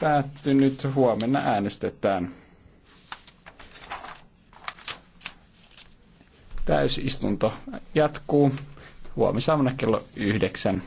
päättynyt. Huomenna äänestetään. Täysistunto jatkuu huomisaamuna kello yhdeksän.